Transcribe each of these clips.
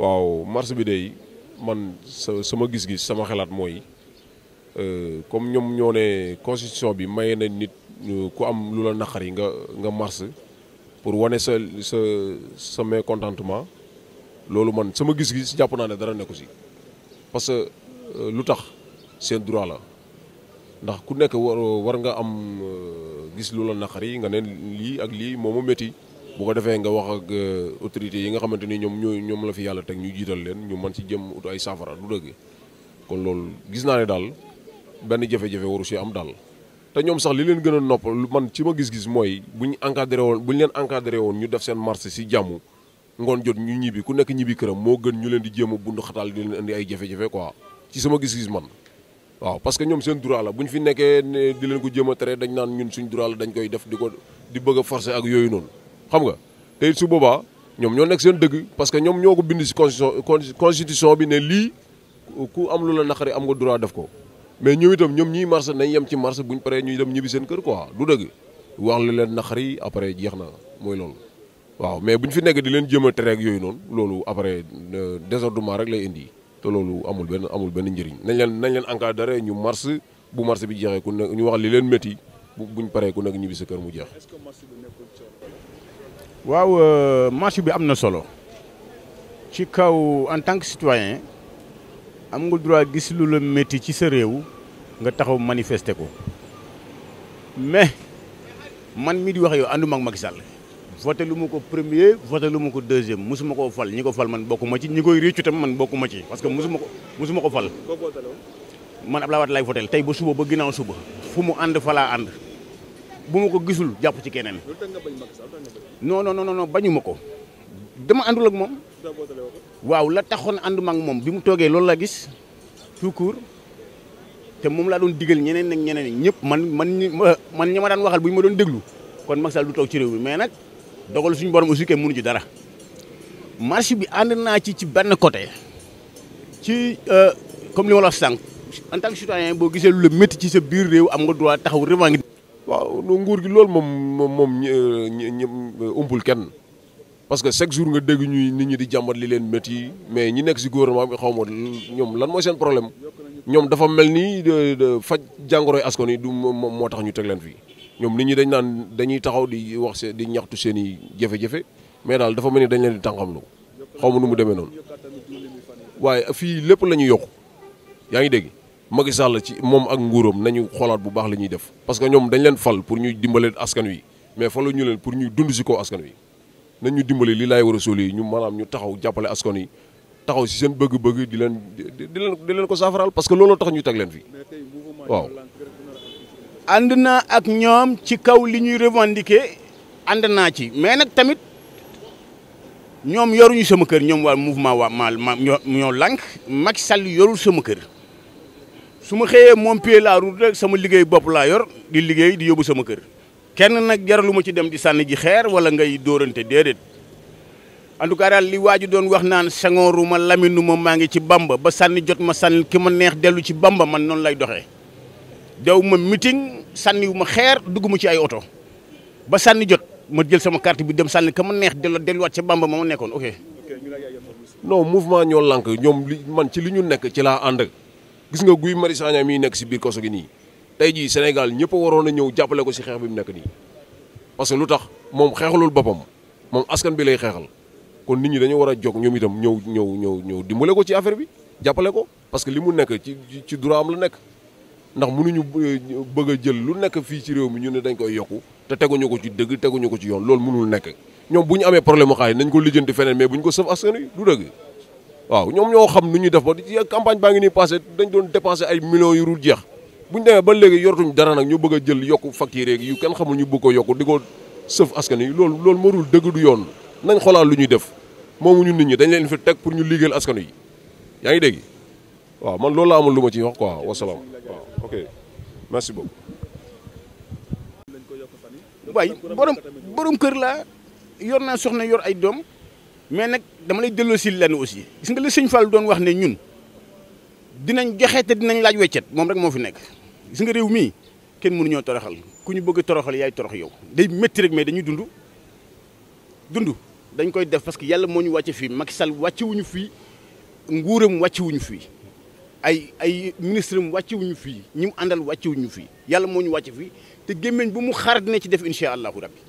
waaw marché bi day man sa sama gis-gis sama xalaat mooy euh, comme ñoom ñoo ne constitution bi maye na nit euh, ku am lu la naqari nga nga marche pour wane sa sa sa mécontentement loolu man sama gis-gis jàpp naa ne dara nekku si parce que euh, lu tax seen droit la ndax ku nekk war war nga am gis lu la naqari nga ne lii ak lii moom ma métti bu ko defé nga wax ak euh, autorité yi nga xamanteni ni ñoy ñom la fi yalla tek ñu jital leen ñu man ci jëm ut ay safara du deug kon lool gis na né dal ben jafe-jafe waru ci am dal té ñom sax li leen gëna nopp man ci ma gis-gis moy buñ encadré won buñ leen encadré won ñu def seen marché si jamu, ngon jot ñu ñibi ku nekk ñibi kërëm mo gën ñu leen di jëm bundu bund di leen andi ay jafe-jafe quoi ci sama gis-gis man waaw parce que ñom seen droit la buñ fi nekké di leen ko jëma téré dañ nan ñun suñ droit la dañ koy def diko di bëgg forcer ak yoyu xam nga te su boobaa ñoom ñoo nekk seen dëgg parce que ñoom ñoo ko bind si constitution constitution bi ne lii ku am lu la naqari am nga droit def ko mais ñëw itam ñoom ñii marché nañ yem ci marché buñ paree ñuy dem ñibbi seen kër quoi du dëgg wax lu leen naqari après jeex na mooy loolu. waaw mais buñ fi nekk di leen jéem a tere ak yooyu noonu loolu après euh, désordonnement rek lay indi te loolu amul benn amul benn njëriñ nañ leen nañ leen encadré ñu marché bu marché bi jeexee ku ne ñu wax li leen métti. buñ paré ku nak ñibi sa kër mu jeex. waaw euh, match bi amna solo ci kaw en tant que citoyen am nga droit gis lu le metti ci sa rew nga taxaw manifester ko mais man mi di wax yow andu mak Macky Sall voté lu ma premier voter lu ma deuxième musuma ko fal ñiko fal man bokuma ci ñiko koy réccu tam man bokuma ci parce que musuma ko musuma ko fal man Abdoulaye Wade laay voté tey ba suba ba ginaaw suba fumu and fala and bu ko gisul japp ci keneen. non non non non bañu ma ko. dama andul ak mom waaw la taxone ànduma ak mom bimu toge lolou la gis tout court te mom la doon diggal ñeneen ak ñeneen ñepp man man man ñi daan waxal bu ñu ma doon déglu kon mak sal du tok ci rew bi mais nak dogal suñu borom aussi ke mënu ci dara. marché bi and na ci ci ben côté ci euh, comme li wala sank en tant que citoyen bo gisé lu metti ci sa bir rew am nga droit taxaw revendiquer. waaw nguur gi loolu moom moom moom ñi umpul kenn parce que chaque jour nga dégg ñuy nit ñi di jàmbat li leen yi mais ñi nekk ci gouvernement bi xaw ma ñoom lan mooy seen problème ñoom dafa mel ni faj jàngoroy askan yi du moom moo tax ñu teg leen fii ñoom nit ñi dañ naan dañuy taxaw di wax seen di ñaxtu seen i jafe mais daal dafa mel ni dañ leen di tànqamlu xaw ma nu mu demee noonu waaye fii lépp la ñuy yokku yaa ngi dégg. Macky Sall ci moom ak nguuram nañu xoolaat bu baax li ñuy def parce que ñoom dañ leen fal pour ñuy dimbale askan wi mais falu ñu leen pour ñuy dund si kaw askan wi nañ ñu dimbale li laay war a sóol yi ñu maanaam ñu taxaw jàppale askan yi taxaw si seen bëgg-bëgg di leen di leen di leen ko saafaraal parce que looloo tax ñu teg leen fi waaw. ànd naa ak ñoom ci kaw li ñuy revendiquer ànd naa ci mais nag tamit ñoom yoruñu sama kër ñoom waa mouvement waa ma ñoo lànk Macky Sall yorul sama kër. suma xeye mom pied la route rek sama liggéey bop la yor di liggéey di yobu sama keur kenn nak jaralu ma ci dem di sanni ji xeer wala ngay dorante dedet en tout cas li waji don wax nan sangoruma laminuma mangi ci bamba ba sanni jot ma sanni kima neex delu ci bamba man non lay doxé daw meeting sànniwu ma xeer dugg ci ay auto ba sanni jot ma jël sama carte bi dem sanni kama neex neex delu wat ci bamba mo oké non mouvement ñoo lank ñom man ci li ñu nekk ci laa gis nga Guy Marius Sagna nekk si biir kaso gi nii tey jii Sénégal ñëpp waroon a ñëw jàppale ko si xeex bi mu nekk nii parce que lu tax moom xeexalul boppam moom askan bi lay xeexal kon nit ñi dañu war a jóg ñoom itam ñëw ñëw ñëw ñëw dimbale ko ci affaire bi jàppale ko parce que li mu nekk ci ci droit am la nekk ndax mënuñu euh, bëgg a jël lu nekk fii ci réew mi ñu ne dañ koy yokku te teguñu ko ci dëgg teguñu ko ci yoon loolu mënul nekk ñoom bu ñu amee problème mu nañ ko lijjanti feneen mais bu ñu ko sëf askan wi du dëgg waaw ñoom ñoo xam nu ñuy def ba campagne baa ngi nii passé dañ doon dépensé ay millions yu jeex bu ñu demee ba léegi yortuñ dara nag ñu bëgg a jël yokku facture yi yu kenn xamul ñu bëgg ko yokku di ko sëf askan yi lool loolu morul dëgg du yoon nañ xoolaat lu ñuy def moomuñu nit ñi dañ leen fi teg pour ñu liggéeyal askan yi yaa ngi dégg waaw man loolu la amul lu ma ciy wax quoi wasalaam waaw ok merci beaucoup. waay borom borom kër laa yor naa soxna yor ay doom. mais nag dama lay delloo si lenn aussi gis nga li sëñ Fall doon wax ne ñun dinañ joxe te dinañ laaj weccet moom rek moo fi nekk si nga réew mii kenn mënuñoo toroxal ku ñu bëgg toroxal yaay torox yow day métti rek mais dañuy dund dund dañ koy def parce que yàlla moo ñu wàcce fii Macky Sall wàcce wuñu fii nguuram wàcce wuñu fii ay ay ministre am wàcce fii ñu àndal wàcce fii yàlla moo ñu wàcce fii te gémmeñ bu mu xaar dina ci def incha allahu rabbi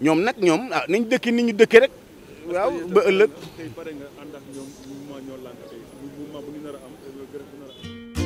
ñoom nag ñoom ah nañ dëkk nit ñu dëkkee rek waaw ba ëllëg